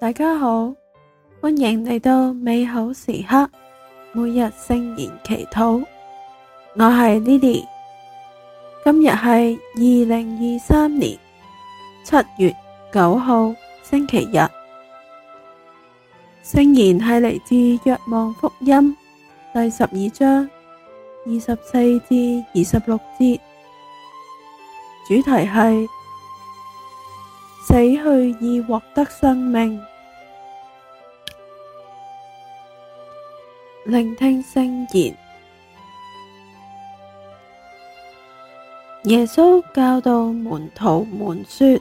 大家好，歡迎嚟到美好時刻，每日聖言祈禱，我係 Lily，今日係二零二三年七月九號星期日，聖言係嚟自《若望福音》第十二章二十四至二十六節，主題係，死去以獲得生命，聆聽聖言。耶穌教導門徒們說：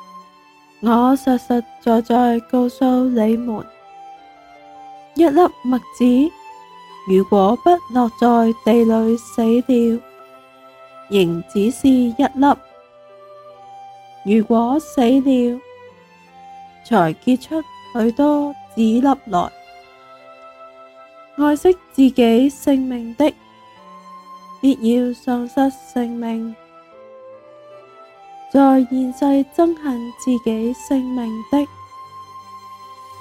「我實實在在告訴你們，一粒麥子如果不落在地裏死掉，仍只是一粒。如果死了，才結出許多子粒來，愛惜自己性命的，必要喪失性命；在現世憎恨自己性命的，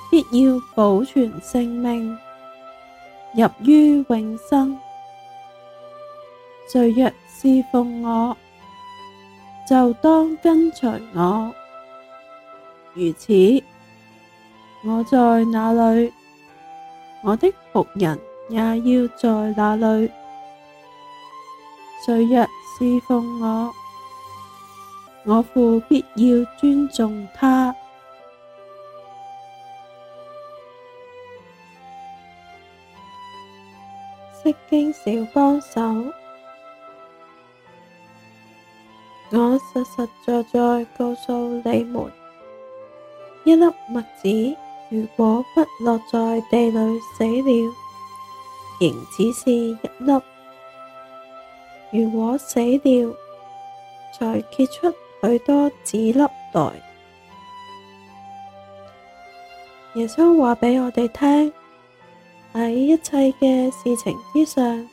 必要保存性命，入於永生。誰若事奉我，就當跟隨我，如此，我在那裡，我的僕人也要在那裡，誰若事奉我，我父必要尊重他。釋經小幫手。我實實在在告訴你們，一粒麥子如果不落在地裏死了，仍只是一粒；如果死了，才結出許多子粒來。耶穌話畀我哋聽：喺一切嘅事情之上，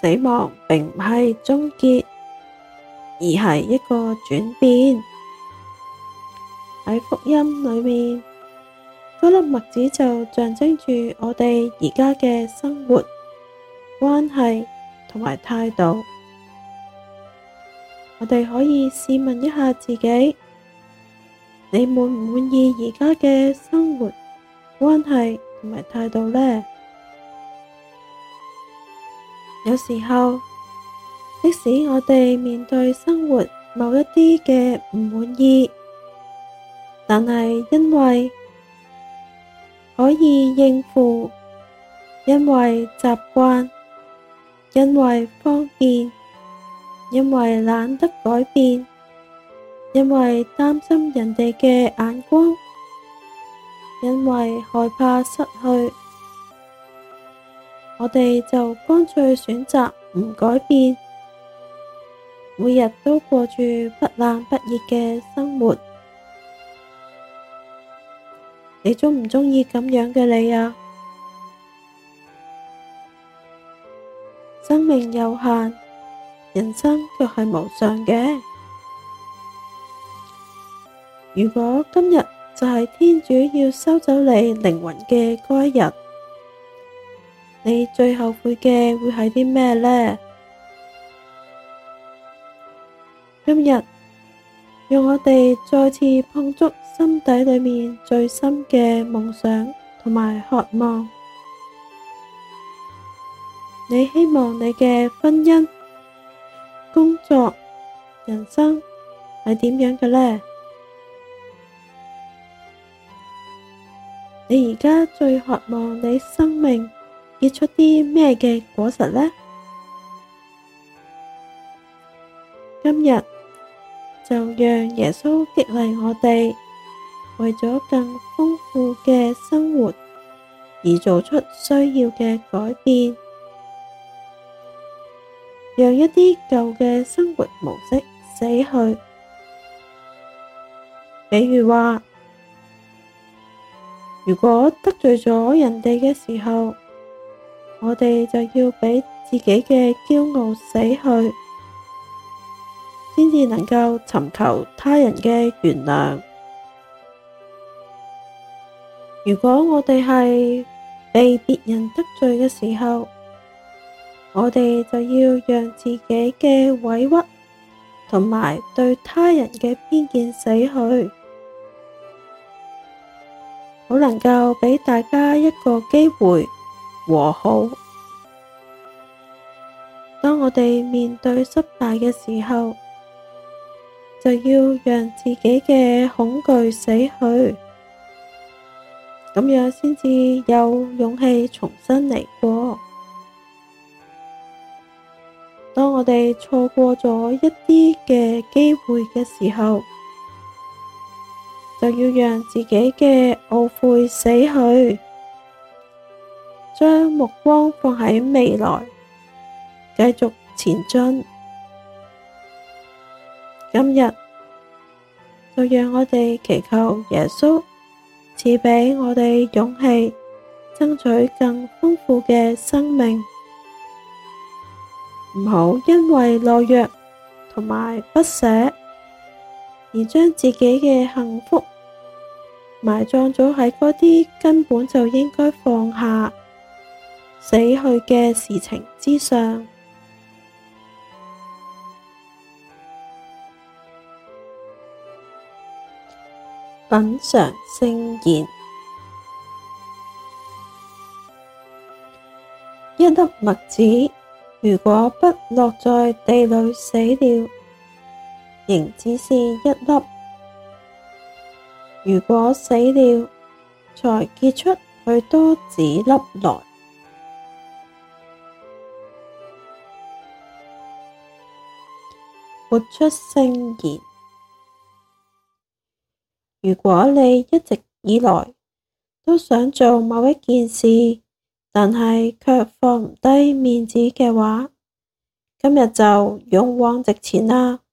死亡並唔係終結。而係一個轉變。喺福音裏面，嗰粒麥子就象徵住我哋而家嘅生活關係同埋態度。我哋可以試問一下自己：你滿唔滿意而家嘅生活關係同埋態度呢？有時候，即使我哋面對生活某一啲嘅唔滿意，但係因為可以應付，因為習慣，因為方便，因為懶得改變，因為擔心人哋嘅眼光，因為害怕失去，我哋就乾脆選擇唔改變。每日都過住不冷不熱嘅生活，你鍾唔鍾意咁樣嘅你啊？生命有限，人生卻係無常嘅。如果今日就係天主要收走你靈魂嘅嗰一日，你最後悔嘅會係啲咩呢？今日，讓我哋再次碰觸心底裏面最深嘅夢想同埋渴望。你希望你嘅婚姻、工作、人生係點樣嘅呢？你而家最渴望你生命結出啲咩嘅果實呢？今日，就讓耶穌激勵我哋，為咗更豐富嘅生活而做出需要嘅改變，讓一啲舊嘅生活模式死去。比如話，如果得罪咗人哋嘅時候，我哋就要畀自己嘅驕傲死去。先至能夠尋求他人嘅原諒。如果我哋係被別人得罪嘅時候，我哋就要讓自己嘅委屈同埋對他人嘅偏見死去，好能夠畀大家一個機會和好。當我哋面對失敗嘅時候，就要讓自己嘅恐懼死去，咁樣先至有勇氣重新嚟過。當我哋錯過咗一啲嘅機會嘅時候，就要讓自己嘅懊悔死去，將目光放喺未來，繼續前進。今日就讓我哋祈求耶穌賜畀我哋勇氣，爭取更豐富嘅生命。唔好因為懦弱同埋不捨，而將自己嘅幸福埋葬咗喺嗰啲根本就應該放下、死去嘅事情之上。品嘗聖言，一粒麥子，如果不落在地裏死了，仍只是一粒；如果死了，才結出許多子粒來，活出聖言。如果你一直以來都想做某一件事，但係卻放唔低面子嘅話，今日就勇往直前啦，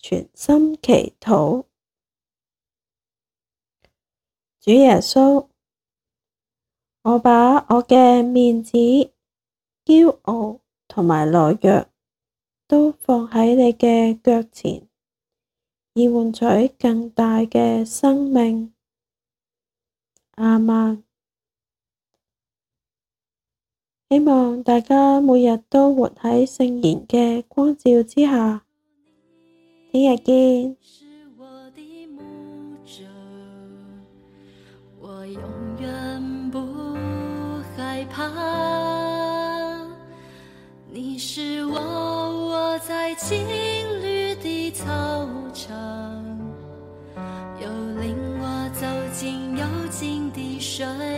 全心祈禱主耶穌，我把我嘅面子、驕傲同埋懦弱。都放喺你嘅腳前，以換取更大嘅生命。阿曼，希望大家每日都活喺聖言嘅光照之下。聽日見。青綠的操場，又令我走進幽靜的水。